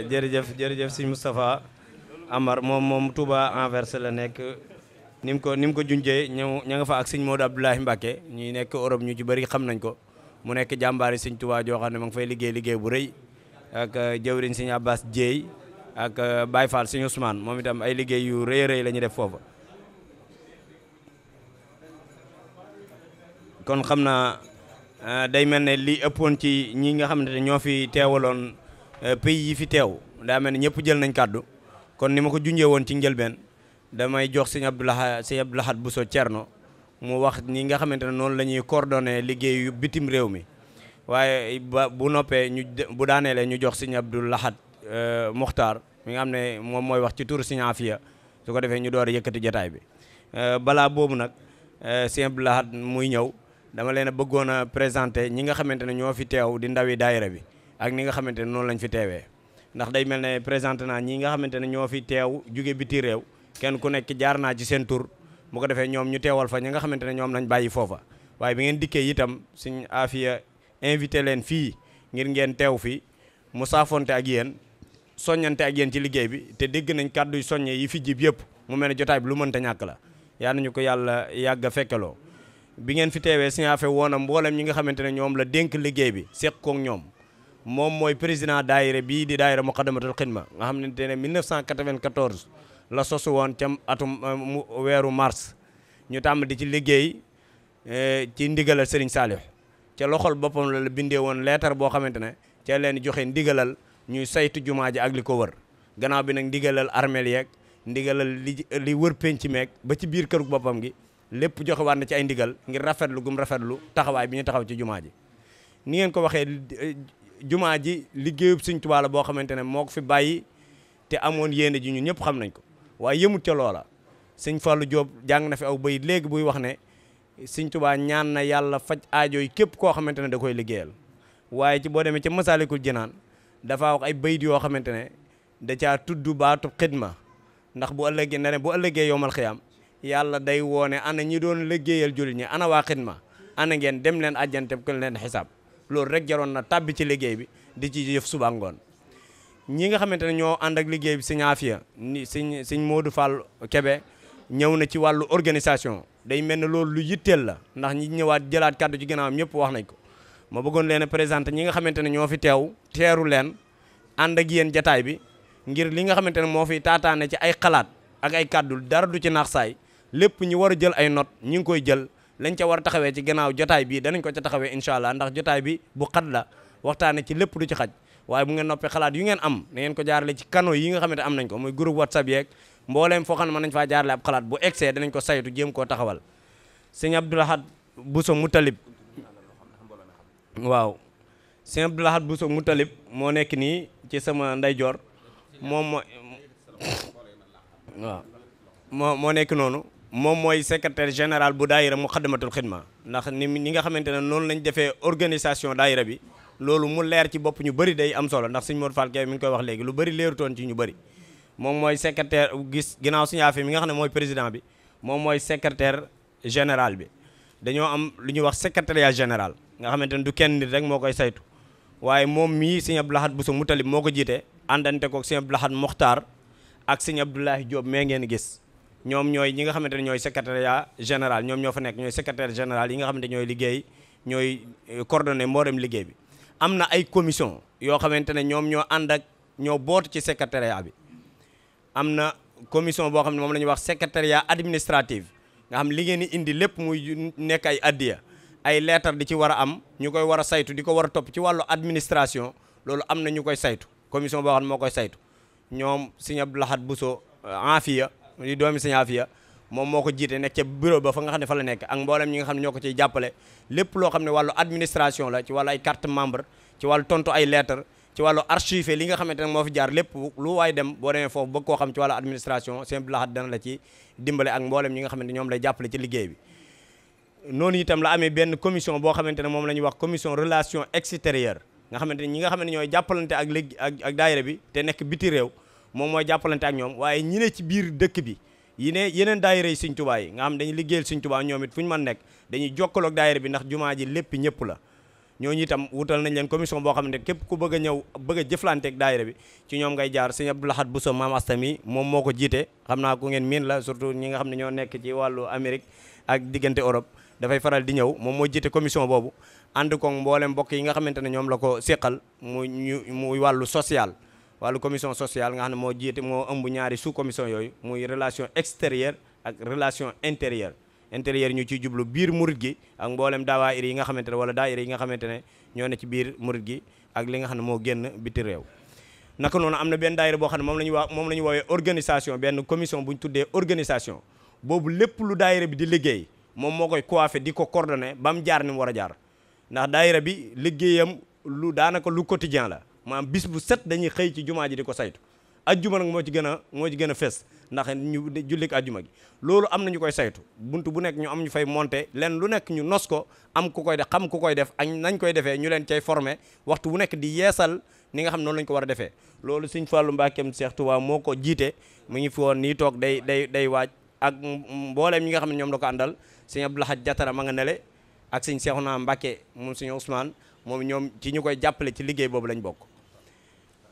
jërëjëf jërëjëf sëñ Moustapha Amar moom moom Touba Anvers la nekk ni mu ko ni mu ko junjee ñëw ña fa ak sëñ Modou Abdoulaye Mbacké ñuy nekk Europe ñu ci bëri xam nañ ko mu nekk jàmbaar sëñ Touba joo xam ne ma ngi fay liggéey liggéey bu rëy ak euh, jëwriñ sëñ Abbas Dieye ak euh, Baye Fall sëñ Ousmane moom itam ay liggéeyu yu rëy rëy def foofa kon xam naa euh, day mel li ëppoon ci ñi nga xam ne ñoo fi teewaloon Euh, pays yi fi teew daa mel ne ñëpp jël nañ kàddu kon ni ma ko junjee woon ci njëlbeen damay jox sëñ Abdou Lahad sëñ Abdou Lahad Bousso Thierno mu wax ni nga xamante ne noonu la ñuy coordonné liggéeyu bitim réew mi waaye ba bu noppee ñu bu daaneelee ñu jox sëñ Abdou Lahad euh, Mokhtar mi nga xam ne moom mooy wax ci turu sëñ Afia su ko defee ñu door a yëkkati jotaay bi euh, balaa boobu nag sëñ Abdou Lahad muy ñëw dama leen a bëggoon a présenté ñi nga xamante ne ñoo fi teew di ndawi daayira bi ak ni nga xamante ne noonu lañ fi teewee ndax day mel na présenté naa ñi nga xamante ne ñoo fi teew jóge biti réew kenn ku nekk jaar naa ci seen tur bu ko defee ñoom ñu teewal fa ñi nga xamante ne ñoom lañ bàyyi foofa waaye bi ngeen dikkee itam suñ aafiya invité leen fii ngir ngeen teew fi mu saafonte yéen soññante ak ci liggéey bi te dégg nañ kàddu yu yi fi jib yëpp mu mel ne jotaay bi lu mënta ñàkk la yaa nañu ko yàlla yàgg a fekkeloo bi ngeen fi teewee suñu affaire woonam mboolem ñi nga xamante ne ñoom la dénk liggéey bi seq koog ñoom moom mooy président daayira bii di daayira Muqaddamatul Xidma nga xam ne te ne 1994 la sosu woon ca atum euh, weeru mars ñu tàmm di ci liggéey euh, ci ndigalal Serigne Saliou ca loxol boppam la la bindee woon leetar boo xamante ne ca leen joxe ndigalal ñuy saytu jumaa ji ak li ko wër gannaaw bi nag ndigalal armeel yeeg ndigalal li li wër ci meeg ba ci biir kër boppam gi lépp joxe waat na ci ay ndigal ngir rafetlu gum rafetlu taxawaay bi ñu taxaw ci jumaa ji jumaa ji liggéeyub Sëñ Tuubaa boo xamante ne moo ko fi bàyyi te amoon yéene ji ñun ñëpp xam nañ ko waaye yëmut ca loola Sëñ Fallou Diop jàng na fi aw bayit léegi buy wax ne Sëñ tubaa ñaan na yàlla faj aajo yi képp koo xamante ne da koy liggéeyal waaye ci boo demee ca Masaalikul Jinaan dafa wax ay bayit yoo xamante ne da caa tudd baatu xidma ndax bu ëllëgee ne bu ëllëgee yowmal xiyaam yàlla day woone ana ñi doon liggéeyal jullit ñi ana waa xidma ana ngeen dem leen àjjante ko leen xisaab loolu rek jaroon na tàbbi ci liggéey bi di ci jëf suba ngoon ñi nga xamante ne ñoo ànd ak liggéey bi sëñ Afia ni sëñ sëñ Modou Fall Kébé ñëw na ci wàllu organisation day mel ne loolu lu yitteel la ndax ñi ñëwaat jëlaat kàddu ci ginnaawam ñëpp wax nañ ko ma bëggoon leen a présenter ñi nga xamante ne ñoo fi teew teeru leen ànd ak yéen jataay bi ngir li nga xamante ne moo fi taataane ci ay xalaat ak ay kàddu dara du ci naax saay lépp ñu war a jël ay notes ñu ngi lañ ca war taxawee ci gannaaw jotaay bii danañ ko ca taxawee incha allah ndax jotaay bi bu xat la waxtaane ci lépp du ci xaj waaye bu ngeen noppee xalaat yu ngeen am na ngeen ko jaarale ci canaux yi nga xamante am nañ ko muy groupe whatsapp yeeg mbooleem foo xam ne mën nañ faa jaarale ab xalaat bu egsee danañ ko saytu jéem koo taxawal sëñ Abdoulahad Bousso Moutalib waaw sëñ Abdoulahad Bousso moo nekk nii ci sama ndeyjoor moom moo moo moo nekk noonu moom mooy secrétaire général bu daayira Muxaddamatul Xidma ndax ni ñi nga xamante ne noonu lañ defee organisation daayira bi loolu mu leer ci bopp ñu bëri day am solo ndax suñ moo Fall Kébé mi ngi koy wax léegi lu bëri leerutoon ci ñu bëri moom mooy secrétaire gis ginnaaw suñu affaire mi nga xam ne mooy président bi moom mooy secrétaire général bi dañoo am lu ñuy wax secrétariat général nga xamante ne du kenn nit rek moo koy saytu waaye moom mii sëñ bu Lahad mu Moutalib moo ko jiite àndante ko sëñ Abdou Lahad Mokhtar ak sëñ Abdoulahi Diop mee ngeen gis ñoom ñooy ñi nga xamante ne ñooy secrétariat général ñoom ñoo fa nekk ñooy secrétaire général yi nga xamante ñooy liggéey ñooy euh, coordonné mboolem liggéey bi am na ay commission yoo xamante ne ñoom ñoo ànd ak ñoo boot ci secretariat bi am na commission boo xam ne moom la wax secrétariat administrative nga xam li indi lépp muy nekk ay addiya ay leetar di ci war a am ñu koy war a saytu di ko war a topp ci wàllu administration loolu am na ñu koy saytu commission boo xam ne moo koy saytu ñoom Sëñ Abdou Lahad Bousso euh, Afia di doomi Sëñ Afia moom moo ko jiite nekk ca bureau ba fa nga xam ne fa la nekk ak mboolem ñi nga xam ne ñoo loo xam ne wàllu administration la ci wàllu ay carte membre ci wàllu tontu moo fi jaar lépp lu waay dem boo demee foofu koo xam ci wàllu administration simple laxat dana la ci dimbale ak mboolem ñi nga xamante ñoom lay jàppale ci liggéey bi noonu itam la amee benn commission boo xamante ne moom la ñuy wax commission relation extérieure nga xamante ne ñi nga xamante ne ñooy jàppalante ak léegi ak ak bi te nekk biti réew moom mooy jàppalante ak ñoom waaye ñi ci biir dëkk bi yi ne yeneen daayira yi Sëñ Tuubaa yi nga xam dañuy liggéeyal Sëñ Tuubaa fu ñu mën nekk dañuy jokkaloo ak daayira ndax jumaa ji lépp ñëpp la ñooñu itam wutal nañ leen commission boo xam ne képp ku bëgg ñëw bëgg a jëflante ak bi ci ñoom ngay jaar sëñ Abdou Lahad Bousso maam astami moom moo ko jiite xam naa ku ngeen miin la surtout ñi nga xam ne ñoo nekk ci wàllu Amérique ak diggante Europe dafay faral di ñëw moom moo jiite commission boobu ànd ko mboolem mbokk yi nga xamante ne ñoom la ko séqal mu ñu muy wàllu social wàllu commission sociale nga xam ne moo jiite moo ëmb ñaari sous commission yooyu muy relation extérieure ak relation intérieure intérieur ñu ciy jublu biir murit gi ak mboolem daayira yi nga xamante ne wala daayira yi nga xamante ne ñoo ne ci biir murit gi ak li nga xam ne moo génn biti réew naka noonu am na benn daayira boo xam ne moom la ñu waa moom la ñu woowee organisation benn commission bu ñu tuddee organisation boobu lépp lu daayira bi di liggéey moom moo koy coiffé di ko cordonne ba mu jaar ni mu war a jaar ndax daayira bi liggéeyam lu daanaka lu quotidien la maanaam bis bu set dañuy xëy ci jumaa ji di ko saytu ajjuma nag moo ci gën a moo ci gën a fees ndax ñu jullik ajjuma gi loolu am na ñu koy saytu bunt bu nekk ñu am ñu fay monté leen lu nekk ñu nos ko am ku koy def xam ku koy def ak nañ koy defee ñu leen cay formé waxtu bu nekk di yeesal ni nga xam noonu lañ ko war a defee loolu sëñ Fallou Mbackeem Cheikh moo ko jiite mu ngi fi nii toog day day day ak mbooleem ñi nga xam ne ñoom da ko àndal sëñ Abdou Lahad Jatara ma nga nele ak sëñ Cheikhouna Mbacke moom sëñ Ousmane moom ñoom ci ñu koy jàppale ci liggéey boobu lañ bokk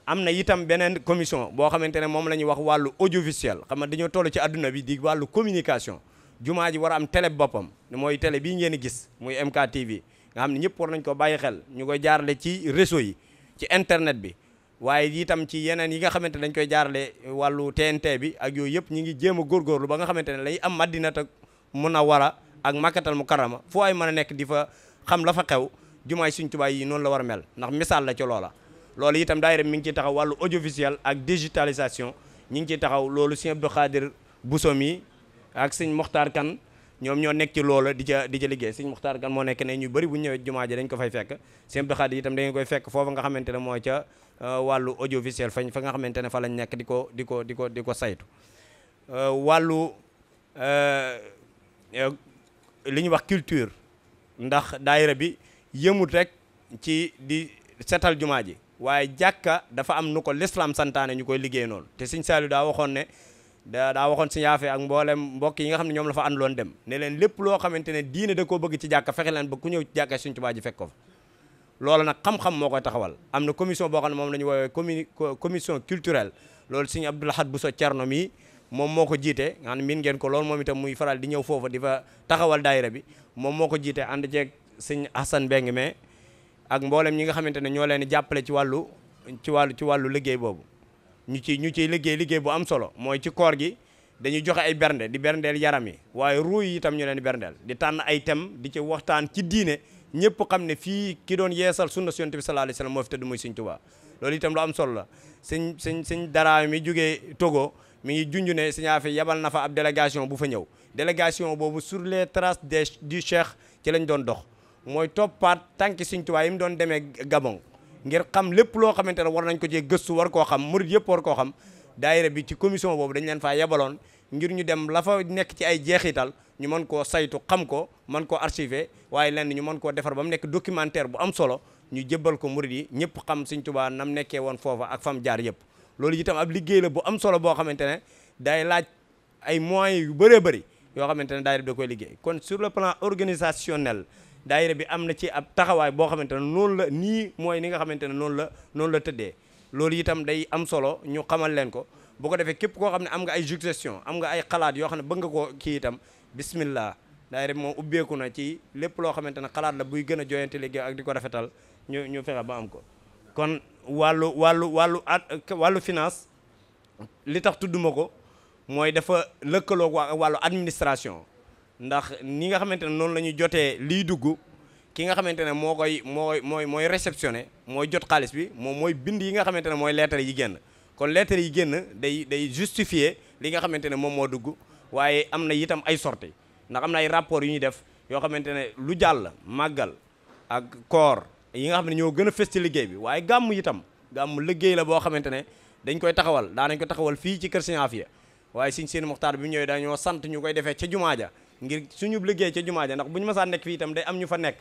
am na itam beneen commission boo xamante ne moom la ñuy wax wàllu audiovisuel xam nga dañoo toll ci àdduna bi di wàllu communication jumaa ji war a am télé boppam mooy télé bii ngeen gis muy MKTV nga xam ne ñëpp war nañ ko bàyyi xel ñu koy jaarale ci réseau yi ci bi waaye itam ci yeneen yi nga xamante ne dañ koy jaarale wàllu TNT bi ak yooyu yëpp ñu ngi jéem a góorgóorlu ba nga xamante ne lay am Madinatu Munawwara ak Makkatal Mukarrama foo ay mën a nekk di fa xam la fa xew jumaay Sëriñ Tuubaa yi noonu la war a mel ndax misaal la ci loola loolu itam daayira mi ngi ciy taxaw wàllu audiovisuel ak digitalisation ñi ngi ciy taxaw loolu sëñ Abdou Khadir Boussom yi ak sëñ Mokhtar Kan ñoom ñoo nekk ci loola di ca di ca liggéey sëñ Mokhtar Kan moo nekk ne ñu bëri bu ñu ñëwee jumaa ji dañ ko fay fekk sëñ Abdou Khadir itam dañu koy fekk foofu nga xamante ne mooy ca euh, wàllu audiovisuel fañ fa nga xamante ne fa lañ nekk di ko di ko di ko di ko saytu euh, wàllu euh, li ñuy wax culture ndax daayira bi yëmut rek ci di setal jumaa ji waaye jàkka dafa am nu ko l'islam santaane ñu koy liggéey noonu te sëñ Saliou daa waxoon ne da daa waxoon sëñ Yaafe ak mboolem mbokk yi nga xam ne ñoom la fa àndoon dem ne leen lépp loo xamante ne diine da ko bëgg ci jàkka fexe leen ba ku ñëw ci jàkka sëñ Tuubaa ji fekk ko fa loolu xam-xam moo koy taxawal am na commission boo xam ne moom la ñu woowee commission culturelle loolu sëñ Abdou Lahad Bousso Cerno mi moom moo ko jiite nga xam ne miin ngeen ko loolu moom itam muy faral di ñëw foofa di fa taxawal daayira bi moom moo ko jiite ànd jeeg sëñ Hassan Mbeng mais ak mbooleem ñi nga xamante ne ñoo leen di jàppale ci wàllu ci wàllu ci wàllu liggéey boobu ñu ci ñu ciy liggéey liggéey bu am solo mooy ci koor gi dañuy joxe ay bernde di berndeel yaram yi waaye ruu yi itam ñu leen di berndeel di tànn ay thème di ci waxtaan ci diine ñëpp xam ne fii ki doon yeesal sunna yonent bi sallallahu alayhi wasallam moo fi tëdd muy sëñ Tuubaa loolu itam lu am solo la sëñ sëñ sëñ daraa mi jógee Togo mi ngi junj ne sëñ Afe yabal na fa ab délégation bu fa ñëw délégation boobu sur les traces des du cheikh ci lañ doon dox mooy toppaat tànki Sëriñ Tuubaa yi mu doon demee Gabon ngir xam lépp loo xamante ne war nañ ko jee gëstu war koo xam murit yëpp war koo xam daayira bi ci commission boobu dañ leen faa yebaloon ngir ñu dem la fa nekk ci ay jeexital ñu mën koo saytu xam ko mën ko archiver waaye lenn ñu mën koo defar ba mu nekk documentaire bu am solo ñu jébbal ko murit yi ñëpp xam Sëriñ Tuubaa nam nekkee woon foofa ak fam jaar yëpp loolu itam ab liggéey la bu am solo boo xamante ne daay laaj ay moyens yu bëree bëri yoo xamante ne daayira bi koy liggéey kon sur le plan organisationnel daayira bi am na ci ab taxawaay boo xamante ne noonu la nii mooy ni nga xamante ne noonu la noonu la tëddee loolu itam day am solo ñu xamal leen ko bu ko defee képp koo xam ne am nga ay suggestion am nga ay xalaat yoo xam ne bëgg nga koo kii itam bismillah daayira bi moom ubbeeku na ci lépp loo xamante ne xalaat la buy gën a joyante liggéey ak di ko rafetal ñu ñu fexe ba am ko kon wàllu wàllu wàllu wàllu finance li tax tudduma ko mooy dafa lëkkaloo ak wàllu administration ndax ni nga xamante ne noonu la ñu jotee lii dugg ki nga xamante ne moo koy mooy mooy mooy réceptionné mooy jot xaalis bi moom mooy bind yi nga xamante ne mooy lettre yi génn kon lettre yi génn day day justifier li nga xamante ne moom moo dugg waaye am na itam ay sorties ndax am na ay rapport yu ñuy def yoo xamante ne lu jàll màggal ak koor yi nga xam ne ñoo gën a fës ci liggéey bi waaye gàmm itam gàmmu liggéey la boo xamante ne dañ koy taxawal daanañ ko taxawal fii ci kër Serigne Afia waaye Serigne Sidi bi mu ñëwee dañoo sant ñu koy defee ca jumaa ja ngir suñu liggéey ca jumaa ja ndax bu ñu mësaa nekk fii itam day am ñu fa nekk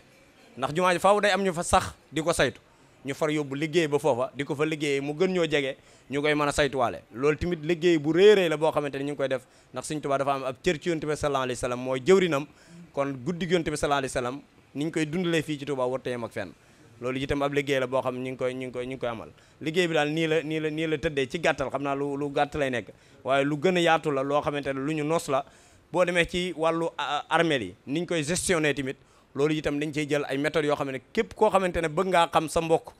ndax jumaa ja faaw day am ñu fa sax di ko saytu ñu far yóbbu liggéey ba foofa di ko fa liggéey mu gën ñoo jege ñu koy mën a saytuwaale loolu tamit liggéey bu réeréy la boo xamante ni ñu ngi koy def ndax Sëñ Tuubaa dafa am ab cër ci Yonent bi sallallahu alayhi kon guddi gi Yonent bi sallallahu ñu koy dundalee fii ci Tuubaa warta yem ak fenn loolu itam ab liggéey la boo xam ñu ngi ñu ngi koy ngi koy amal liggéey bi daal nii la nii la nii la tëddee ci gàttal xam naa lu lu gàtt lay nekk waaye lu gën a yaatu la loo xamante ne lu ñu noos la boo demee ci wàllu armée yi niñ koy gestionné tamit loolu itam dañ cey jël ay méthodes yoo xam ne képp koo xamante ne bëgg ngaa xam sa mbokk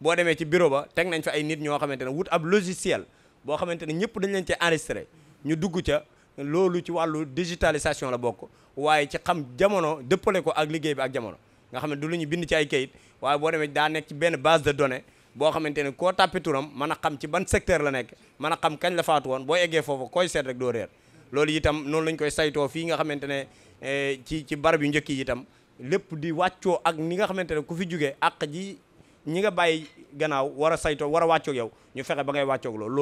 boo demee ci bureau ba teg nañ fa ay nit ñoo xamante ne wut ab logiciel boo xamante ne ñëpp dañ leen cee enregistré ñu dugg ca loolu ci wàllu digitalisation la bokk waaye ci xam jamono dëppale ko ak liggéey bi ak jamono nga xam ne du lu ñu bind ci ay kayit waaye boo demee daa nekk ci benn base de données boo xamante ne koo tàppi turam mën a xam ci ban secteur la nekk mën a xam kañ la faatu woon boo eggee foofu koy rek doo loolu itam noonu lañ koy saytoo fii nga xamante ne eh, ci ci barab yu njëkk yi lépp di wàccoo ak ni nga xamante ne ku fi jugee àq ji ñi nga bàyyi gannaaw war a saytoo war a wàccoog yow ñu fexe ba ngay wàccoog loolu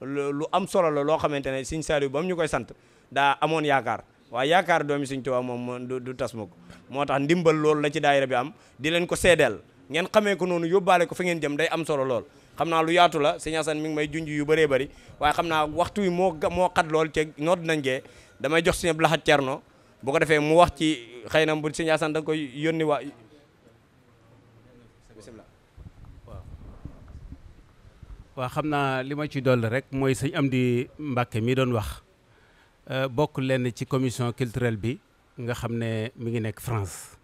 loolu lu am solo la loo xamante ne Sëñ Saliou ba mu ñu koy sant daa amoon yaakaar waaye yaakaar doomi Sëñ Tuubaa moom du tas mukk moo tax ndimbal loolu la ci daayira bi am di leen ko seedeel ngeen xamee ko noonu yóbbaale ko fa ngeen jëm day am solo lool xam naa lu yaatu la sëñ Assane mi ngi may junj yu baree bëri waaye xam naa waxtu wi moo moo xat lool ca noot nañ gee damay jox sëñ Blaxat Cerno bu ko defee mu wax ci xëy na bu sëñ Assane koy yónni waa bismillah waaw xam naa li ma ci dolli rek mooy sëñ Amdi Mbàkke mi doon wax euh, bokk lenn ci commission culturelle bi nga xam ne mi ngi nekk France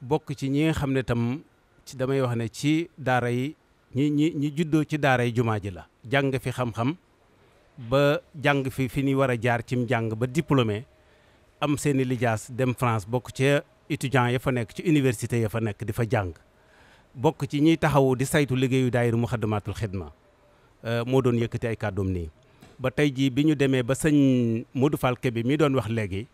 bokk ci ñi nga xam ne tam ci damay wax ne ci daara yi ñi ñi ñi juddoo ci daaray jumaa ji la jàng fi xam-xam ba jàng fi fi ñu war a jaar cim jàng ba diplome am seeni lijaas dem France bokk ca étudiants ya fa nekk ci université ya fa nekk di fa jàng bokk ci ñiy taxawu di saytu liggéeyu daayira Muxaddamatul Xidma euh, moo doon yëkkati ay kàddoom nii ba tey jii bi ñu demee ba sëñ Modou Fall Kébé mi doon wax léegi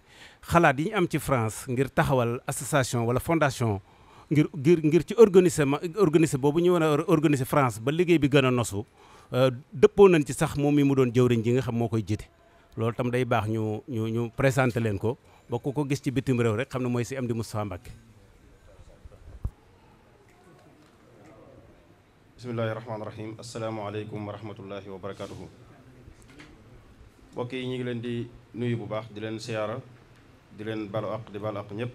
xalaat yi ñu am ci France ngir taxawal association wala fondation ngir ngir ngir ci organiser ma organiser boobu ñuy war a organiser France ba liggéey bi gën a nosu euh, dëppoo nañ ci sax moom mii mu doon jëwriñ ji nga xam moo koy jiite loolu tam day baax ñu ñu ñu présenté leen ko ba ku ko gis ci bitim réew rek xam ne mooy si am di Moustapha Mbacké bismillahi rahmaani rahim asalaamaaleykum wa rahmatullahi wa barakaatuhu mbokk yi ñu ngi leen di nuyu bu baax di leen siyaara di leen balu aq di balu aq ñëpp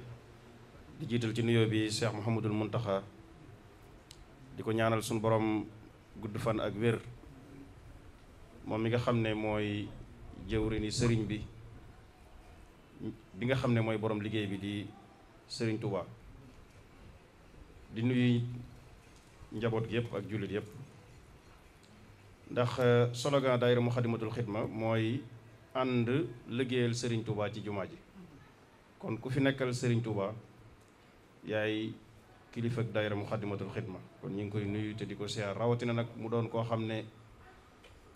di jiital ci nuyoo bi Cheikh Mouhamadul Mountakha di ko ñaanal suñu borom gudd fan ak wér moom mi nga xam ne mooy jëwrini sëriñ bi bi nga xam ne mooy borom liggéey bi di sëriñ Touba di nuyu njaboot gi yëpp ak jullit yëpp ndax euh, slogan daayira Muxaddamatul Xidma mooy ànd liggéeyal sëriñ Touba ci jumaa ji kon ku fi nekkal sëriñ Touba yaay kilifa ak daayira Muxaddamatul Xidma kon ñu ngi koy nuyu te di ko siyaar rawatina nag mu doon koo xam ne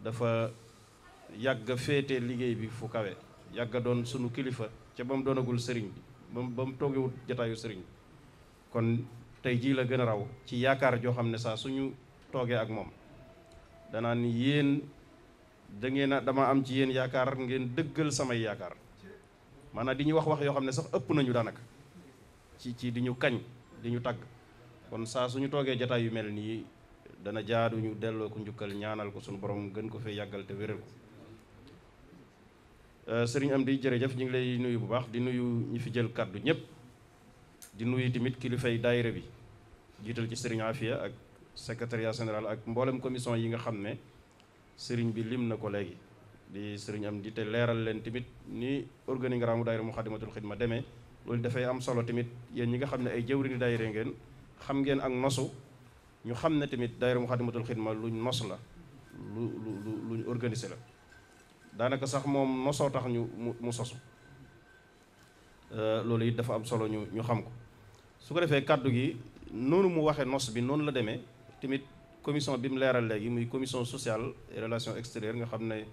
dafa yàgg féete liggéey bi fu kawe yàgg doon sunu kilifa ca ba mu doonagul sëriñ bi ba mu ba mu toogewut jataayu sëriñ bi kon tey jii la gën a raw ci yaakaar joo xam ne saa suñu toogee ak moom danaa ni yéen da ngeen dama am ci yéen yaakaar ngeen dëggal samay yaakaar maanaam di ñu wax wax yoo xam ne sax ëpp nañu daanaka. ci di ñu kañ di ñu tagg kon saa ñu toogee jataay yu mel nii dana jaadu ñu delloo ko njukkal ñaanal ko suñu borom gën ko fee yàggalte te wéral ko euh, sëriñ am di jërëjëf ñu ngi lay nuyu bu baax di nuyu ñi fi jël kàddu ñëpp di nuyu tamit kilifay daayira bi jiital ci sëriñ Afia ak secrétariat général ak mboolem commission yi nga xam ne sëriñ bi lim na ko léegi di sëriñ am di te leeral leen tamit ni organigramme daayira Muxaddamatul Xidma demee loolu dafay am solo tamit yéen ñi nga xam ne ay jëwriñu daayira ngeen xam ngeen ak nosu ñu xam ne tamit daayira Muxaddamatul Xidma ñu nos la lu lu luñ organise la daanaka sax moom nosoo tax ñu mu sosu euh, loolu it dafa am solo ñu ñu xam ko su ko defee kàddu gi noonu mu waxee nos bi noonu la demee tamit commission bi mu leeral léegi muy commission sociale et relations nga xam ne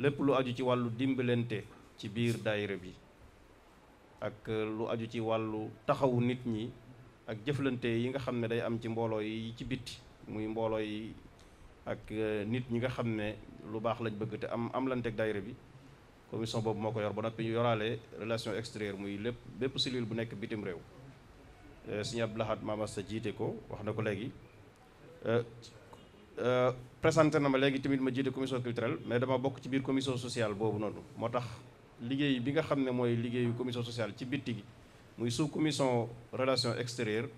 lépp lu aju ci wàllu dimbalante ci biir daayira bi ak euh, lu aju ci wàllu taxawu nit ñi ak jëflante yi nga xam ne day am ci mbooloo yi ci biti muy mbooloo yi ak euh, nit ñi nga xam ne lu baax lañ bëgg te am am lanteeg daayira bi commission boobu moo ko yor ba noppi ñu yoraale relation extérieure muy lépp bépp cellule bu nekk bitim réew euh, sëñ Abdou Lahad Mamas sa jiite ko wax na ko léegi présenté na ma léegi tamit ma jiite commission culturelle mais dama bokk ci biir commission sociale boobu noonu moo tax liggéey bi nga xam ne mooy liggéeyu commission sociale ci bitti muy sous commission relation extérieure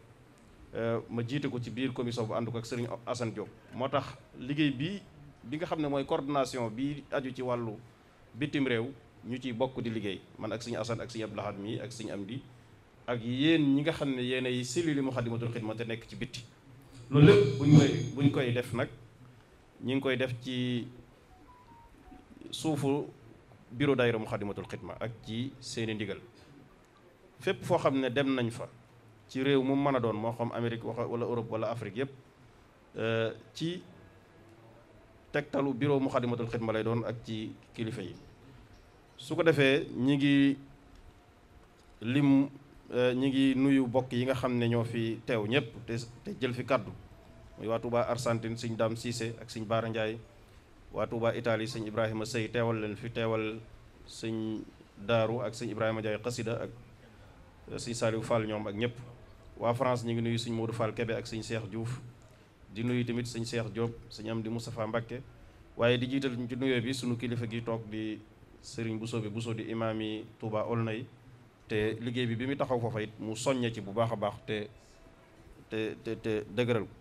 euh, ma jiite ko ci biir commission bu ànd ko ak Serigne Assane Diop. moo tax liggéey bi bi nga xam ne mooy coordination bi aju ci wàllu bitim réew ñu ci bokk di liggéey man ak Serigne Assane ak Serigne Abdou Lahad mi ak Serigne Amdi ak yéen ñi nga xam ne yéen ay cellules yi Moukhaddamatoul ma te nekk ci bitti loolu lépp buñ koy buñ koy def nag ñu ngi koy def ci suufu bureau daayira Muxaddamatul Xidma ak ci seeni ndigal fépp foo xam ne dem nañ fa ci réew mu mën a doon moo xam Amérique wala Europe wala Afrique yëpp euh, ci tegtalu bureau Muxaddamatul Xidma lay doon ak ci kilifa yi su ko defee ñi ngi lim euh, ñi ngi nuyu bokk yi nga xam ne ñoo fi teew ñëpp te te jël fi kàddu muy waa Touba Argentine Sëñ Daam Siise ak Sëñ Baara Njaay waa Touba Italie sëñ Ibrahima Sëy teewal leen fi teewal sëñ Daaru ak sëñ Ibrahima Jaay Xasida ak euh, sëñ Saliou Fall ñoom ak ñëpp waa France ñu ngi nuyu sëñ Modou Fall Kebe ak sëñ Cheikh Diouf di nuyu tamit sëñ Cheikh Diop sëñ Amdi Moustapha Mbacké waaye di jiital ci nuyoo bi suñu kilifa gi toog di sëriñ Bousso bi Bousso di imaam yi Touba Aulnay te liggéey bi bi muy taxaw fa it mu soññe ci bu baax a baax te te te dëgëral ko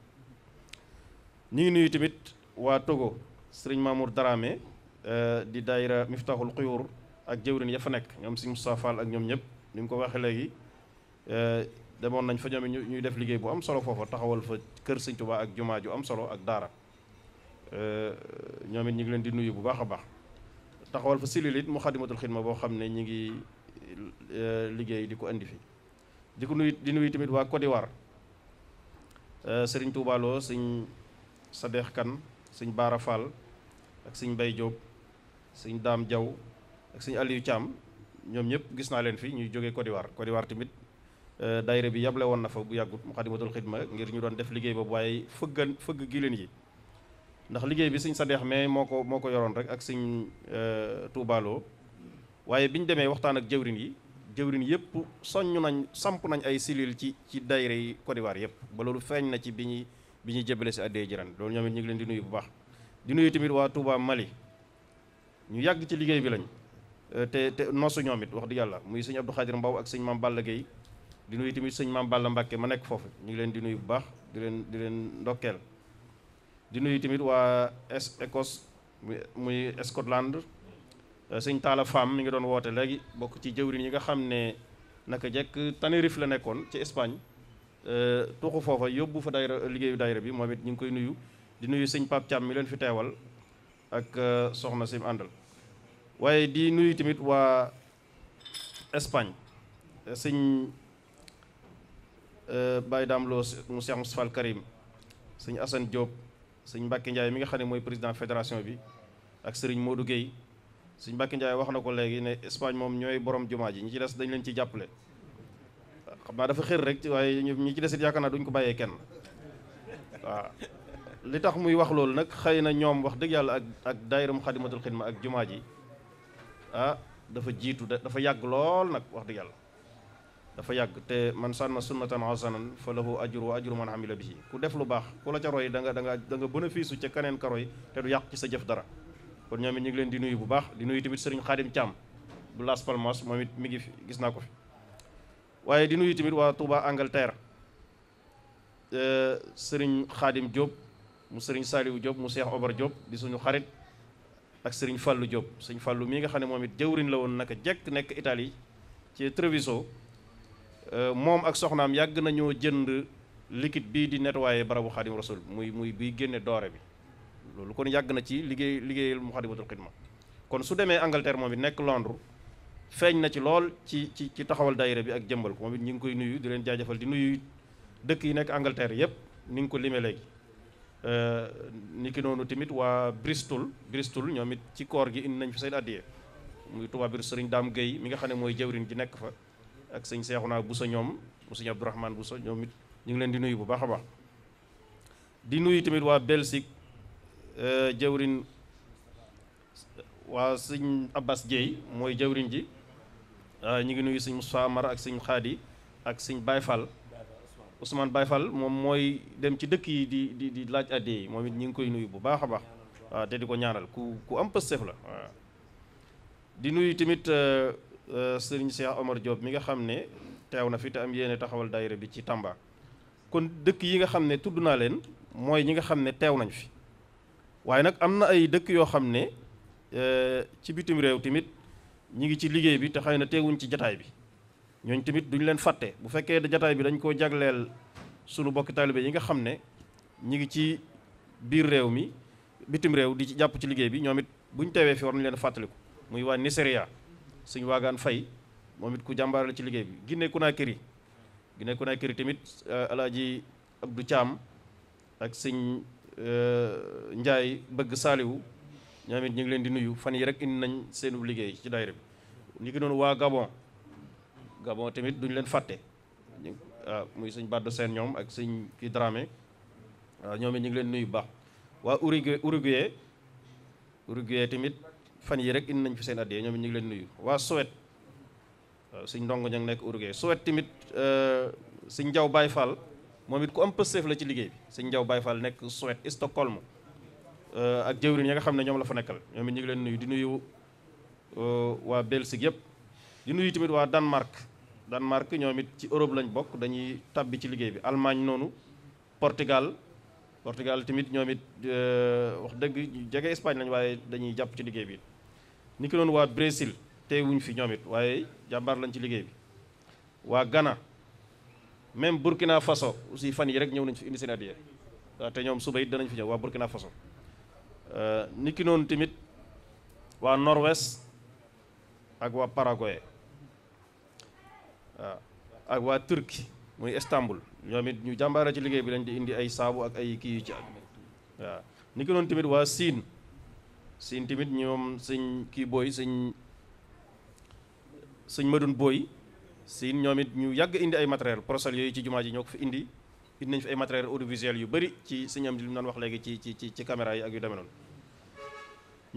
ñu ngi nuyu tamit waa Togo sëriñ Mamour Darame euh, di daayira Miftahul Xuyuur ak jëwrin ya fa nekk ñoom si Moustapha ak ñoom ñëpp ñu mu ko waxee léegi euh, demoon nañ fa ñoom ñu ñuy def liggéey bu am solo foofa taxawal fa kër sëñ ak jumaa ju am solo ak daara euh, ñoom it ñu ngi leen di nuyu bu baax a baax taxawal fa silil it mu xadimatul xidma boo xam ne ñu ngi liggéey di ko indi fi di ko nuyu di nuyu tamit waa Côte d'Ivoire sëriñ Touba Lo sëñ Sadeex Kan sëñ Baara Fall ak sëñ Mbay Jóob sëñ Daam Jaw ak sëñ Aliou Thiam ñoom ñëpp gis naa leen fi ñuy jógee Côte d'Ivoire Côte d'Ivoire tamit euh, daayira bi yable woon na fa bu yàggut Muxaddamatul Xidma ngir ñu doon def liggéey boobu waaye fëggan fëgg gileen yi ndax liggéey bi sa Sadeex mais moo ko moo ko yoroon rek ak sëñ euh, Tuubaaloo waaye bi ñu demee waxtaan ak jëwrin yi jëwrin yëpp soññ nañ samp nañ ay silil ci ci daayira yi Côte d'Ivoire yëpp ba loolu feeñ na ci bi ñuy bi ñuy jébale si addee ji ren loolu ñoom it ñu ngi leen di nuyu bu baax di nuyu tamit waa Touba Mali ñu yàgg ci liggéey bi lañ euh, te te noosu ñoom it wax di yàlla muy sëñ Abdou Khadir Mbaw ak sëñ Maam Balla Gueye di nuyu tamit sëñ Maam Balla Mbàkke ma nekk foofu ñu ngi leen di nuyu bu baax di leen di leen ndokkeel di nuyu tamit waa es Écosse muy Scotland euh, sëñ Talla Fam mi ngi doon woote léegi bokk ci jëwriñ yi nga xam ne naka jekk Tenerife la nekkoon ci Espagne Euh, tuxu foofa yóbbu fa daayira liggéeyu daayira bi moom it ñu ngi koy nuyu di nuyu sëñ Pape cam mi leen fi teewal ak euh, soxna sim àndal waaye di nuyu tamit waa Espagne euh, sëñ Baye Dame Lo mu Cheikh Moustapha Karim sëñ Assane Diop sëñ Mbacke Ndiaye mi nga xam ne mooy président fédération bi ak sëriñ Modou Guèye suñ Mbacke Ndiaye wax na ko léegi ne Espagne moom ñooy borom jumaa ji ñi ci des dañ leen ci jàppale xam dafa xër rek waaye ñu ci desit yaakaar naa duñ ko bàyyee kenn waaw li tax muy wax loolu nag xëy na ñoom wax dëgg yàlla ak ak daayiram xadimatul xidma ak jumaa ji ah dafa jiitu dafa yàgg lool nag wax dëgg yàlla dafa yàgg te man sànna sunnatan hasanan fa lahu ajru wa ajru man amila bihi ku def lu baax ku la ca roy da nga da nga da nga bénéfice ca keneen ka roy te du yàq ci sa jëf dara kon ñoom it ñu ngi leen di nuyu bu baax di nuyu tamit sëriñ Xaadim Caam bu Las Palmas moom it mi ngi fi gis naa ko fi waaye di nuyu tamit waa Touba Angleterre euh, sëriñ Xaadim Diop mu sëriñ Saliou Diop mu Cheikh Obar Diop di suñu xarit ak sëriñ Fallou Diop sëriñ Fallou mii nga xam ne moom it jëwriñ la woon naka jekk nekk Italie ci Treviso euh, moom ak soxnaam yàgg nañoo jënd liquide bi di nettoyer barabu Xaadim Rasul muy muy biy génne doore bi loolu kon yàgg na ci liggéey liggéeyal mu Xaadimatul Xidma kon su demee Angleterre moom bi nekk Londres feeñ na ci lool ci ci ci taxawal daayira bi ak jëmbal ko moom it ñu ngi koy nuyu di leen jaajëfal di nuyu dëkk yi nekk Angleterre yëpp ni nga ko limee léegi. Euh, ni ki noonu tamit waa Bristol Bristol ñoom it ci koor gi indi nañ fi seen addiye muy Touba biir sëriñ Dame Guèye mi nga xam ne mooy jawriñ ji nekk fa ak sëñ bu Buso ñoom mu sëñ Abdourahmane Buso ñoom it ñu ngi leen di nuyu bu baax a baax di nuyu tamit waa Belgique euh, jawriñ waa sëñ Abbas Guèye mooy jawriñ ji Euh, ñu ngi nuyu sëñ Moustapha Amar ak sëñ Khady ak sëñ Baye Fall Ousmane Baye Fall moom mooy dem ci dëkk yi di di di laaj adde yi moom it ñu ngi koy nuyu bu baax a baax waaw te di ko ñaanal ku ku am pëstef la di nuyu tamit euh, euh, sëriñ Cheikh Omar Diop mi nga xam ne teew na fi te am yéene taxawal daayira bi ci Tamba kon dëkk yi nga xam ne tudd naa leen mooy ñi nga xam ne teew nañ fi waaye nag am na ay dëkk yoo xam ne ci bitim réew tamit ñi ngi ci liggéey bi te xëy na teewuñ ci jataay bi ñooñ tamit duñ leen fàtte bu fekkee da jataay bi dañ koo jagleel sunu bokki taalibe yi nga xam ne ñi ngi ci biir réew mi bitim réew di ci jàpp ci liggéey bi ñoom it bu buñ teewee fi war nañ leen fàttaliku muy waa Nigeria suñ waagaan fay moom it ku jàmbaar ci liggéey bi naa Guinée Conakry Guinée këri tamit euh, alaaji Abdou Thiam ak sëñ euh, Njaay bëgg saaliwu ñoom it ñu ngi leen di nuyu fan yi rek indi nañ seenu liggéey ci daayira bi ni ki noonu waa Gabon Gabon tamit duñu leen fàtte waaw ah, muy sëñ Badou Seen ñoom ak suñ kii drame waaw ah, ñoom it ñu ngi leen nuyu baax waa Uruguay Uruguay Uruguay tamit fan yi rek indi nañ fi seen addiyee ñoom it ñu ngi leen nuyu waa Suède waaw ah, sëñ ndongo ngi nekk Uruguay Suède tamit sëñ Njaw baay Fall moom it ku am pësteef la ci liggéey bi sëñ Njaw baay Fall nekk Suède Stockholm Euh, ak jëwriñ ya nga xam ne ñoom la fa nekkal ñoom it ñu ngi leen nuyu di nuyu euh, waa Belgique yëpp di nuyu tamit waa Danemark Danemark ñoom it ci Europe lañu bokk dañuy tàbbi ci liggéey bi Allemagne noonu Portugal Portugal tamit ñoom it euh, wax dëgg jege Espagne lañ waaye dañuy jàpp ci liggéey bi ni ki noonu waa Brésil teewuñ fi ñoom it waaye jàmbaar lañ ci liggéey bi waa Ghana même Burkina Faso aussi fan yi rek ñëw nañ fi indi seen addiya te ñoom suba it danañ fi ñëw waa Burkina Faso Euh, ni ki tamit waa Norvège ak waa Paraguay waaw euh, ak waa Turquie muy Istanbul ñoom it ñu jàmbaare ci liggéey bi lañ di indi ay saabu ak ay kii yu ci ak waaw ni ki tamit waa Siin Siin tamit ñoom sëñ kii booy sëñ ma madun booy Siin ñoom it ñu yàgg indi ay matériel procel yooyu ci jumaa ji ñoo ko fi indi indi nañ fi ay matériel audiovisuel yu bëri ci sëñ am mu naan wax léegi ci ci ci ci caméra yi ak yu demee noonu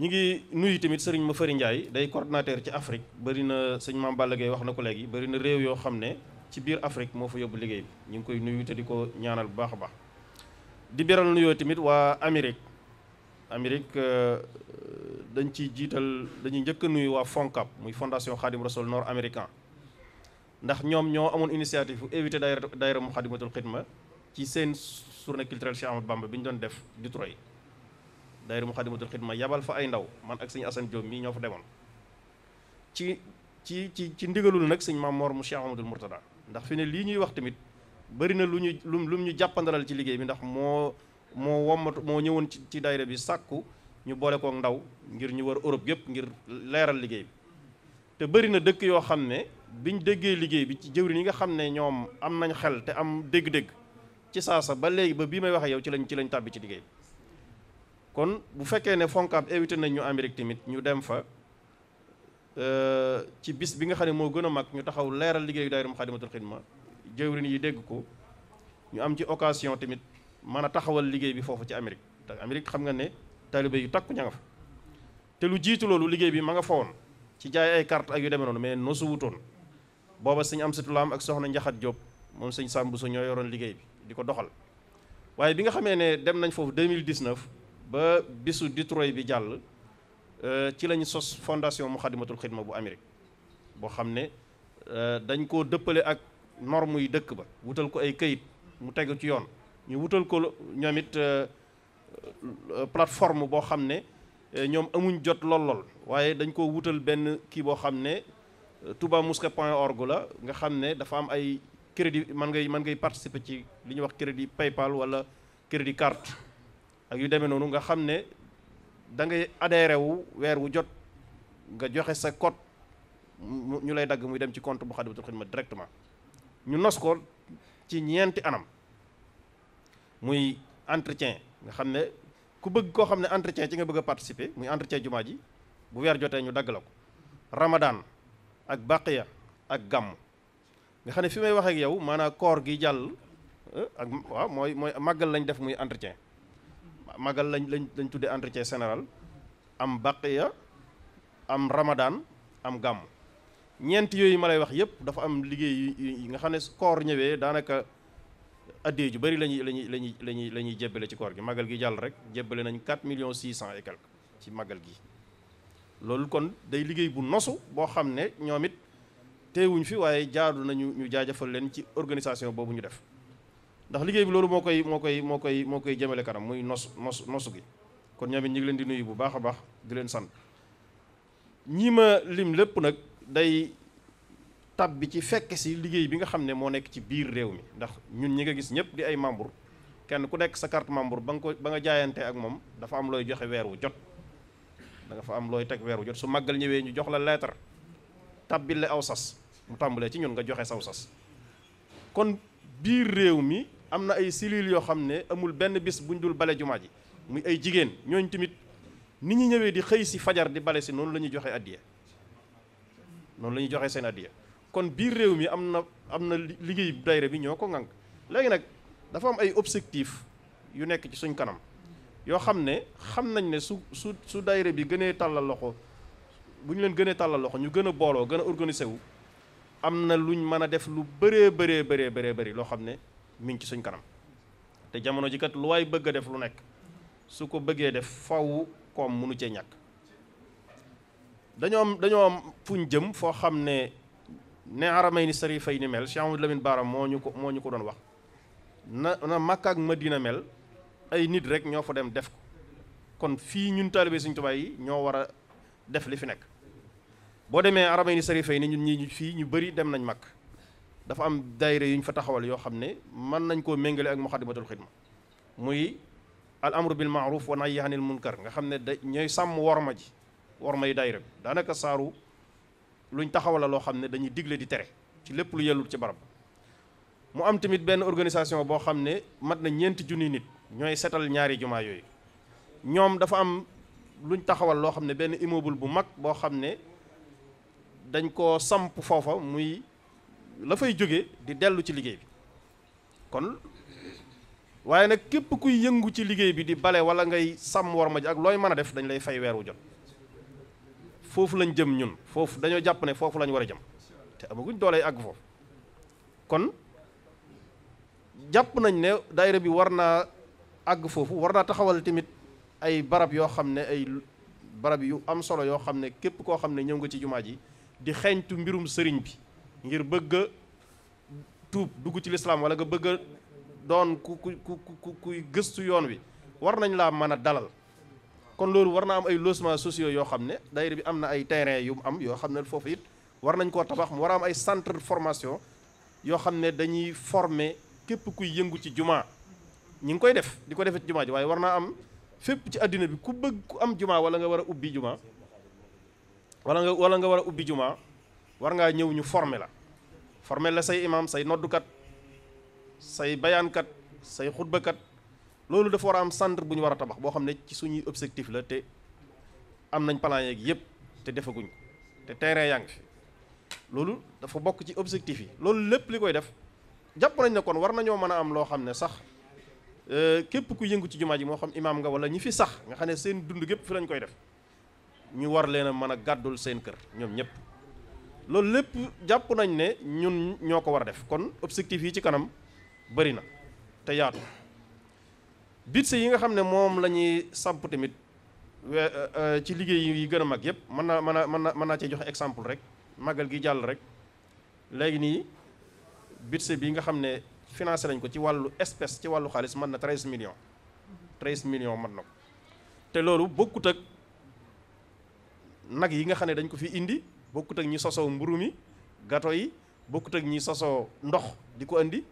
ngi nuyu tamit sëriñ ma fëri Ndiaye day coordinateur ci Afrique bëri na sëñ Maam Balla wax na ko léegi bëri na réew yoo xam ne ci biir Afrique moo fa yóbbu liggéey bi ñu ngi koy nuyu te di ko ñaanal bu baax a baax di beral nuyoo tamit waa Amérique Amérique euh, dañ ciy jiital dañuy njëkk a nuyu waa FONCAP muy fondation Khadim Rasoul nord américain ndax ñoom ñoo amoon initiative bu éviter daayira daayira mu ci seen journée culturelle Cheikh Ahmadou Bamba bi ñu doon def Detroit daayira Muxaddamatul Xidma yabal fa ay ndaw man ak sëñ Assane Diop mii ñoo fa demoon ci ci ci ci ndigalul nag sëñ Maam Mor mu Cheikh Ahmadul ndax fi ne lii ñuy wax tamit bëri na lu ñu lu ñu jàppandalal ci liggéey bi ndax moo moo wommatu moo ñëwoon ci ci daayira bi sàkku ñu boole kook ndaw ngir ñu war Europe yëpp ngir leeral liggéey bi te bëri na dëkk yoo xam ne biñ déggee liggéey bi ci jëwriñ yi nga xam ne ñoom am nañ xel te am dégg ci saa saasa ba léegi ba bii may wax yow ci lañ ci lañ tàbbi ci liggéey kon bu fekkee ne FONCAB invité nañ ñu Amérique tamit ñu dem fa euh, ci bis bi nga xam ne moo gën a mag ñu taxaw leeral liggéey liggéeyu daayira Moukhaddamatoul Khidma jëwrin yi dégg ko ñu am ci occasion tamit mën a taxawal liggéey bi foofu ci Amérique te Amérique xam nga ne taalibe yu takku ña nga fa te lu jiitu loolu liggéey bi ma nga fa woon ci jaay ay carte ak yu demee noonu mais nosu wutoon booba sëñ Amsatou Lam ak soxna Njaxat Diop moom sëñ Samb su ñoo yoroon liggéey bi di ko doxal waaye bi nga xamee ne dem nañ foofu 2019 ba bisu Detroit bi jàll euh, ci lañ sos fondation Muxaddamatul Xidma bu Amérique boo xam ne euh, dañ koo dëppale ak norme yi dëkk ba wutal ko ay kayit mu tegu ci yoon ñu wutal ko ñoom it euh, plateforme boo xam ne ñoom amuñ jot lool lool waaye dañ ko wutal benn kii boo xam ne toubamousca point org la nga xam ne dafa am ay crédit man ngay man ngay participer ci li ñuy wax crédit paypal wala crédit carte ak yu demee noonu nga xam ne da ngay adhéré wu weer wu jot nga joxe sa code ñu lay dagg muy dem ci compte bu Moukhaddamatoul ma directement ñu nos ko ci ñeenti anam muy entretien nga xam ne ku bëgg koo xam ne entretien ci nga bëgg a participer muy entretien jumaa ji bu weer jotee ñu dagg la ko ramadan ak baqiya ak gàmm nga xam ne fi may waxee ak yow maanaam koor gi jàll eh, ak waaw mooy mooy màggal lañ def muy entretien magal lañ lañ lañ tuddee entretien général am baqiya am ramadan am gàmm ñeent yooyu ma lay wax yëpp dafa am liggéey yi nga xam ne koor ñëwee daanaka addee ju bëri lañuy lañuy lañuy lañuy la ñuy jébbale ci koor gi màggal gi jàll rek jébbale nañ 4 millions 600 et quelque ci màggal gi loolu kon day liggéey bu nosu boo xam ne ñoom it teewuñ fi waaye jaadu nañu ñu jaajëfal leen ci organisation boobu ñu def ndax liggéey bi loolu moo koy moo koy moo koy moo koy jëmale kanam muy nos nos nosu gi kon ñoom ñu ngi leen di nuyu bu baax baax di leen sant ñi ma lim lépp nag day tab bi ci fekk si liggéey bi nga xam ne moo nekk ci biir mi ndax ñun ñi nga gis ñëpp di ay membre kenn ku nekk sa kart membre ba nga ko ba nga jaayante ak moom dafa am looy joxe weer wu jot danga fa am looy teg weer wu jot su màggal ñëwee ñu jox la lettre tab bi la aw sas mu tàmbalee ci ñun nga joxe saw sas kon biir réew mi am na ay cellules yoo xam ne amul benn bis buñ dul bale jumaa ji muy ay jigéen ñooñ tamit ni ñu ñëwee di xëy si fajar di bale si noonu la ñuy joxe addiya noonu lañuy joxe seen addiya kon biir réew mi am na am na liggéey daayira bi ñoo ko ŋànk léegi nag dafa am ay objectif yu nekk ci suñ kanam yoo xam ne xam nañ ne su su su dayre bi gënee tàllal loxo bu ñu leen gënee tàllal loxo ñu gën a booloo gën a organiser wu am na lu ñu mën a def lu bëree bëree bëree bëree bëri loo xam ne mi ngi ci suñ kanam te jamono ji kat lu waay bëgg a def lu nekk su ko bëggee def faw koom munu cee ñàkk dañoo am dañoo am fuñ jëm foo xam ne ne aramay ni sarifay ni mel Cheikh Amadou Lamine moo ñu ko moo ñu ko doon wax na na Makka ak Madina mel ay nit rek ñoo fa dem def ko kon fii ñun taalibe suñ Tuubaa yi ñoo war a def li fi nekk boo demee aramayni sarifay ni ñun ñi fii ñu bëri dem nañ mag dafa am daayira yu ñu fa taxawal yoo xam ne mën nañ koo méngale ak muxadimatul xidma muy al amru bil maaruf wa nahyi anil munkar nga xam ne da ñooy sàmm worma ji worma yi daayira daanaka saaru luñ taxawal loo xam ne dañuy digle di tere ci lépp lu yellul ci barab mu am tamit benn organisation boo xam ne mat na ñeenti junni nit ñooy setal ñaari jumaa yooyu ñoom dafa am luñ taxawal loo xam ne benn immeuble bu mag boo xam ne dañ koo samp foofa muy la fay jóge di dellu ci liggéey bi kon waaye nag képp kuy yëngu ci liggéey bi di bale wala ngay sàmm war ma ji ak looy mën a def dañ lay fay weer wu jot foofu lañ jëm ñun foofu dañoo jàpp ne foofu lañ war a jëm te amaguñ doole àgg foofu kon jàpp nañ ne daayira bi war naa àgg foofu war naa taxawal tamit ay barab yoo xam ne ay barab yu am solo yoo xam ne képp koo xam ne ñëw nga ci jumaa ji di xeeñtu mbirum sëriñ bi ngir bëgg a tuub dugg ci lislaam wala nga bëgg doon ku ku ku kuy gëstu yoon wi war nañ laa mën a dalal kon loolu war na am ay logements sociaux yoo xam ne daayira bi am na ay terrain yu am yoo xam ne foofu it war nañ koo tabax mu war a am ay centre de formation yoo xam ne dañuy former képp kuy yëngu ci jumaa ñi ngi koy def di ko defee ci jumaa ji waaye war naa am fépp ci àddina bi ku bëgg ku am jumaa wala nga war a ubbi jumaa wala nga wala nga war a ubbi jumaa war ngaa ñëw ñu former la former la say imam say noddukat say bayaankat say xutbakat loolu dafa war a am centre bu ñu war a tabax boo xam ne ci suñuy objectif la te am nañ palaan yeeg yëpp te defaguñ ko te terrain yaa ngi fi loolu dafa bokk ci objectif yi loolu lépp li koy def jàpp nañ ne kon war nañoo mën a am loo xam ne sax euh, képp ku yëngu ci jumaa ji moo xam imaam nga wala ñi fi sax nga xam ne seen dund gépp fi lañ koy def ñu war leen a mën a gàddul seen kër ñoom ñëpp loolu lépp jàpp nañ ne ñun ñoo ko war a def kon objectif yi ci kanam bëri na te yaatu budget yi nga xam ne moom la ñuy samp tamit euh, euh, ci liggéey yi gën a mag yëpp mën naa mën naa mën naa mën naa cee joxe exemple rek màggal gi jàll rek léegi nii budget bi nga xam ne financé nañ ko ci wàllu espèce ci wàllu xaalis mën na 13 millions 13 millions mën na ko te loolu bokkut ak nag yi nga xam ne dañ ko fi indi bokkut ak ñi sosoo mburu mi gato yi bokkut ak ñi sosoo ndox di ko indi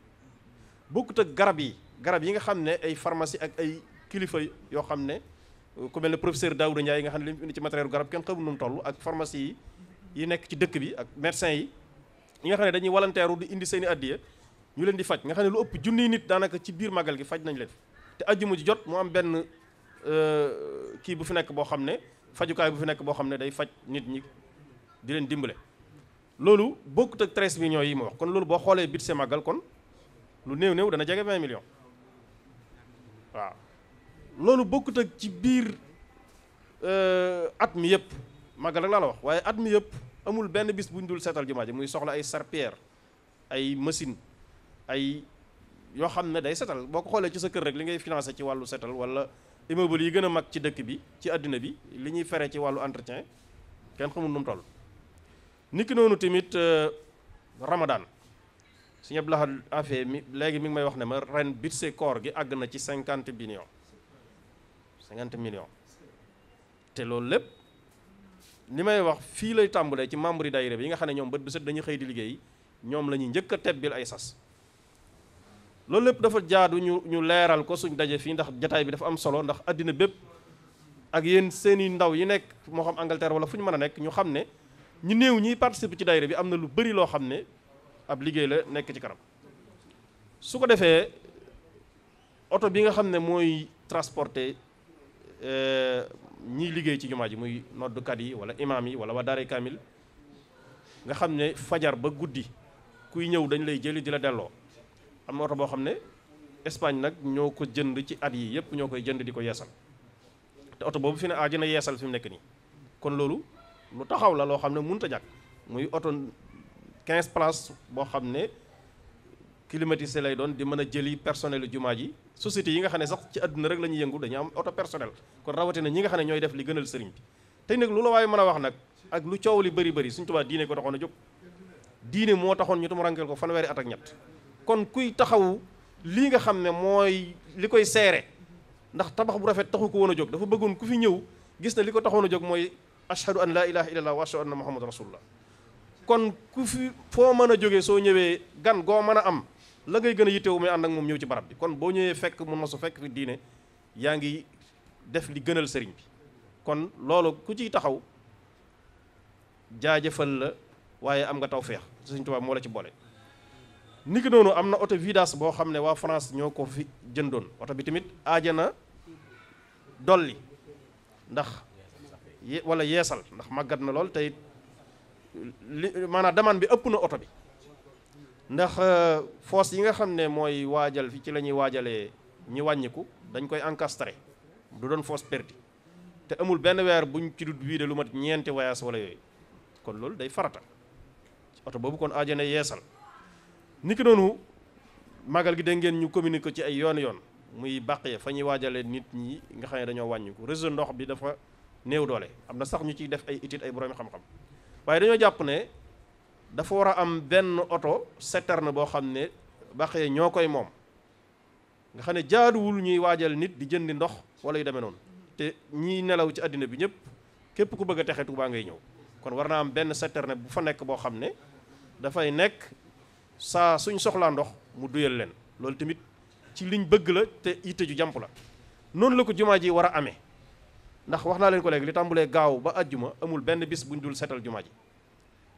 bokkut ak garab yi garab yi nga xam ne ay pharmacie ak ay kilifa yoo xam ne euh, ku mel ne professeur Daouda a yi nga xam ne li indi ci matériel garab kenn xamul nu mu ak pharmacie yi yi nekk ci dëkk bi ak médecin yi yi nga xam ne dañuy walanteeru di indi seen i addiya ñu leen di faj nga xam ne lu ëpp junniy nit daanaka ci biir màggal gi faj nañ leen te ajjuma ji jot mu am benn euh, kii bu fi nekk boo xam ne fajukaay bu fi nekk boo xam ne day faj nit ñi di leen dimbale loolu bokkut ak 13 yi ma wax kon loolu boo xoolee bit see màggal kon lu néew néew dana jege 20 millions waaw loolu bokkut ak ci biir euh, at mi yëpp màggal rek laa la wax waaye at mi yëpp amul benn bis bu ñu dul seetal jumaa ji muy soxla ay serpillère ay machine ay yoo xam ne day setal boo ko xoolee ci sa kër rek li ngay financé ci wàllu setal walla immeuble yi gën a mag ci dëkk bi ci àddina bi li ñuy fere ci wàllu entretien kenn xamul num mu toll niki noonu tamit euh, ramadan su ñëpp laxat affaire mi léegi mi ngi may wax ne ma ren budget koor gi àgg na ci cinquante millions cinquante millions te loolu lépp li may wax fii lay tàmbalee ci membre yi daayira bi yi nga xam ne ñoom bët bu set dañuy xëy di liggéey ñoom la ñuy njëkk a tebbil ay sas loolu lépp dafa jaadu ñu ñu leeral ko suñ daje fii ndax jataay bi dafa am solo ndax àddina bépp ak yéen seeni ndaw yi nekk moo xam Angleterre wala fu ñu mën a nekk ñu xam ne ñu néew ñiy participer ci daayira bi am na lu bëri loo xam ne ab liggéey la nekk ci kanam su ko defee oto bi nga xam ne mooy transporter euh, ñiy liggéey ci jumaa ji muy noddukat yi wala imaam yi wala waa daare kaamil nga xam ne fajar ba guddi kuy ñëw dañ lay jëli di la delloo am na oto boo xam ne Espagne nag ñoo ko jënd ci at yi yëpp ñoo koy jënd di ko yeesal te oto boobu fi ne aajana yeesal fi mu nekk nii kon loolu lu taxaw la loo xam ne mënut a ñàkk muy oto 15 places boo xam ne climatisé lay doon di mën a jëli personnel jumaa ji société yi nga xam ne sax ci àdduna rek la ñuy yëngu dañu am oto personnel kon rawatina ñi nga xam ne ñooy def li gënal sëriñ bi tey nag lu la waaye mën a wax nag ak lu coow li bëri bëri suñ tubaab diine ko taxoon a jóg diine moo taxoon ñu tumu rankel ko fanweeri at ak ñett kon kuy taxaw lii nga xam ne mooy li koy seere ndax tabax bu rafet taxu ko woon a jóg dafa bëggoon ku fi ñëw gis na li ko taxoon a jóg mooy ashhadu an laa ilaha illallah wa ashhadu anna muhammadan rasulullah kon ku fi foo mën a jógee soo ñëwee gan goo mën a am la ngay gën a yittewu muy ànd ak moom ñëw ci barab bi kon boo ñëwee fekk mu nosu fekk fi diine yaa ngi def li gënal sëriñ bi kon loolu ku ciy taxaw jaajëfal la waaye am nga tawféex Sëriñ Tuubaa moo la ci boole niki noonu am na oto vidange boo xam ne waa France ñoo ko fi jëndoon oto bi tamit aajana dolli ndax wala yeesal ndax màggat na lool tey li maanaam demande bi ëpp na oto bi ndax euh, foos yi nga xam ne mooy waajal fi ci la ñuy waajalee ñi wàññiku dañ koy encastré du doon foos perdi te amul benn weer buñ ci dut wii de lu mat ñeenti voyage wala yooyu kon loolu day farata oto boobu kon aajana yeesal ki noonu màggal gi dégg ngeen ñu communiqué ci ay yoon yoon muy bàq bàqee fa ñuy waajalee nit ñi nga xam ne dañoo wàññiku réseau ndox bi dafa néew doole am na sax ñu ciy def ay études ay borom xam-xam waaye dañoo jàpp ne dafa war a am benn oto citerne boo xam ne bàqee ñoo koy moom nga xam ne jaaduwul ñuy waajal nit di jëndi ndox wala yu demee noonu te ñiy nelaw ci àddina bi ñëpp képp ku bëgg a texe Tuubaa ngay ñëw kon war naa am benn citerne bu fa nekk boo xam ne dafay nekk saa suñ soxlaa ndox mu duyal leen loolu tamit ci liñ bëgg la te yitte ju jàmp la noonu la ko jumaa ji war a amee ndax wax naa leen ko léegi li tàmbulee gaaw ba àjjuma amul benn bis ñu dul setal jumaa ji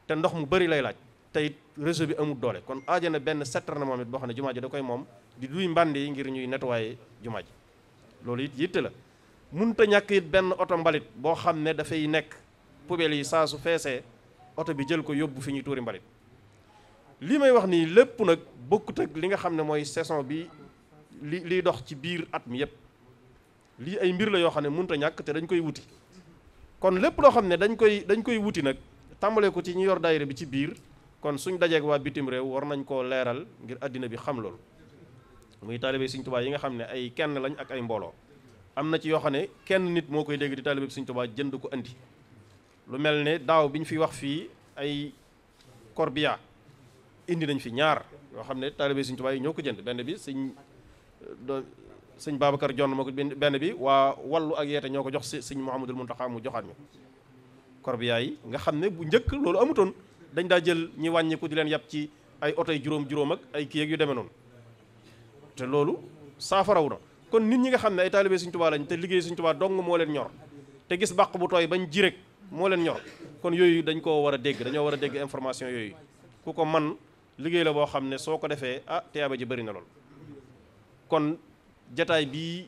te ndox mu bari lay laaj tey réseau bi amul doole kon aaja na benn setar na moom it boo xam ne jumaa ji da koy moom di duy mbànd yi ngir ñuy nettoyer jumaa ji loolu it yitte la munta ñàkk it benn oto mbalit boo xam ne dafay nekk poubelle yi saa su feesee oto bi jël ko yóbbu fi ñuy tuuri mbalit lii may wax nii lépp nag bokkut ak li nga xam ne mooy saison bi li liy dox ci biir at mi yëpp lii ay mbir la yoo xam ne mënut a ñàkk te dañ koy wuti kon lépp loo xam ne dañ koy dañ koy wuti nag tàmbalee ko ci ñu yor daayira bi ci biir kon suñ dajeeg waa bitim réew war nañ koo leeral ngir àddina bi xam loolu muy taalibe Sëñ Tuubaa yi nga xam ne ay kenn lañ ak ay mbooloo am na ci yoo xam ne kenn nit moo koy dégg di taalibe Sëñ Tuubaa jënd ko andi lu mel ne daaw bi ñu wax fii ay corbia indi nañ fi ñaar yoo xam ne taalibe Sëñ Tuubaa yi ñoo ko jënd benn bi sëñ do sëñ Babacar Jonn moo ko benn bi waa wallu ak yeete ñoo ko jox si sëñ Mouhamadul Muntaxa mu joxaat ñu corbillard yi nga xam ne bu njëkk loolu amutoon dañ daa jël ñi wàññiku di leen yàpp ci ay oto yi juróom-juróom ak ay kii ak yu demee noonu te loolu saafarawu na kon nit ñi nga xam ne ay taalibe Sëñ Tuubaa lañ te liggéey Sëñ Tuubaa dong moo leen ñor te gis bàq bu tooy bañ ji moo leen ñor kon yooyu dañ ko war a dégg dañoo war a dégg information yooyu liggéey la boo xam ne soo ko defee a ah tiyaaba ji bëri na lool kon jataay bii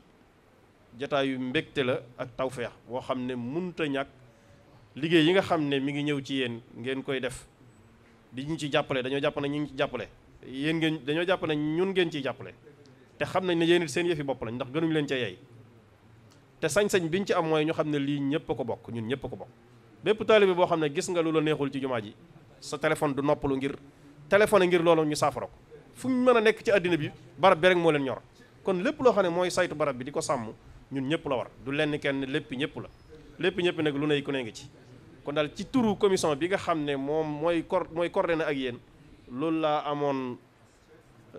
jataayu mbégte la ak tawfeex boo xam ne munta ñakk liggéey yi nga xam ne mi ngi ñëw ci yéen ngeen koy def di ñu ci jàppale dañoo jàpp ne ñu ngi ci jàppale yéen ngeen dañoo jàpp ne ñun ngeen ciy jàppale te xam nañ ne yéen it seen yëfi bopp lañ ndax gënuñu leen ca yey te sañ-sañ ñu ci am mooy ñu xam ne lii ñëpp ko bokk ñun ñëpp ko bokk bépp taalibe boo xam ne gis nga lu la neexul ci jumaa ji sa téléphone du noppalu ngir téléphoné ngir loolu ñu saafara ko fu ñu mën a nekk ci àddina bi barab bi moo leen ñor kon lépp loo xam ne mooy saytu barab bi di ko sàmm ñun ñëpp la war du lenn kenn lépp ñëpp la lépp ñëpp nag lu ne ku ne ngi ci kon daal ci turu commission bi nga xam ne moom mooy cor mooy coordonné ak yéen loolu laa amoon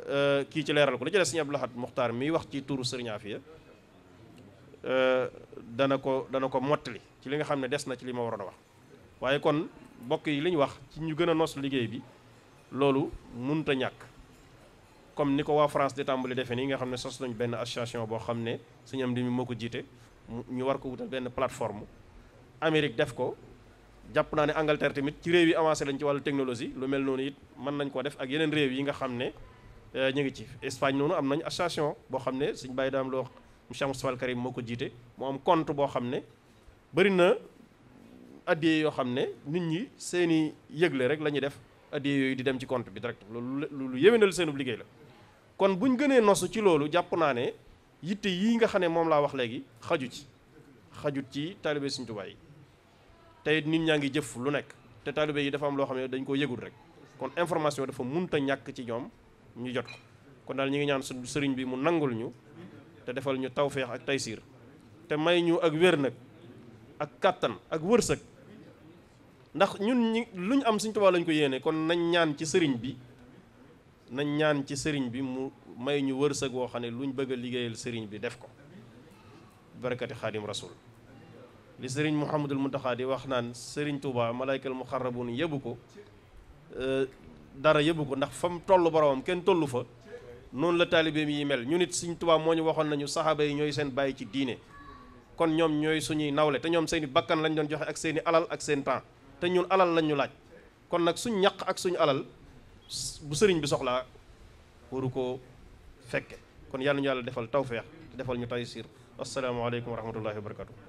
euh, kii ci leeral ko la ci des Sëriñ Abdou Lahad Muxtaar miy wax ci turu Sëriñ Afiya euh, dana ko dana ko mottali ci li nga xam ne des na ci li ma waroon a wax waaye kon mbokk yi li wax ci ñu gën a nos liggéey bi loolu mënut a ñàkk comme ni ko waa France di tàmbali defee nii nga xam ne sos nañ benn association boo xam ne suñu am di mi moo ko jiite ñu war ko wutal benn plateforme Amérique def ko jàpp naa ne Angleterre tamit ci réew yi avancé lañ ci wàllu technologie lu mel noonu it mën nañ ko def ak yeneen réew yi nga xam ne euh, ñu ngi ci Espagne noonu am nañ association boo xam ne suñ bàyyi daam loo Cheikh Moustapha Al moo ko jiite mu am compte boo xam ne bëri na addiyee yoo xam ne nit ñi seeni yëgle rek la ñuy def addiya yooyu di dem ci compte bi direct loolu lu yéwénal seenub liggéey la kon bu ñu gënee nosu ci loolu jàpp naa ne yitte yi nga xam ne moom laa wax léegi xaju ci xaju ci taalibe Sëriñ Tuubaa yi tey nit ñaa ngi jëf lu nekk te taalibe yi dafa am loo xam ne dañ koo yëgul rek kon information dafa munta ñàkk ci ñoom ñu jot ko kon daal ñu ngi ñaan suñu sëriñ bi mu nangul ñu te defal ñu tawféex ak taysiir te may ñu ak wér nag ak kàttan ak wërsëg ndax ñun ñi lu ñu am Sëriñ Tuubaa lañ ko yéene kon nañ ñaan ci sëriñ bi nañ ñaan ci sëriñ bi mu may ñu wërsëg woo xam ne luñ bëgg a liggéeyal sëriñ bi def ko barakati xaadim rasul li sëriñ Mouhamadul Muntaxaa di wax naan sëriñ Touba malaykal muxarrabun yëbu ko e, dara yëbu ko ndax fa mu toll boromam kenn tollu fa noonu la taalibeem yi mel ñu nit sëriñ Touba moo ñu waxoon nañu saxaaba yi ñooy seen bàyyi ci diine kon ñoom ñooy suñuy nawle te ñoom seeni bakkan doon joxe ak seeni alal ak seen temps te ñun alal lañ ñu laaj kon nag suñ ñaq ak suñu alal bu sëriñ bi soxlaa waru ko fekke kon yàlla ñu yàlla defal tawfeex te defal ñu taysir asalaamaaleykum wa rahmatullahi wa barakatu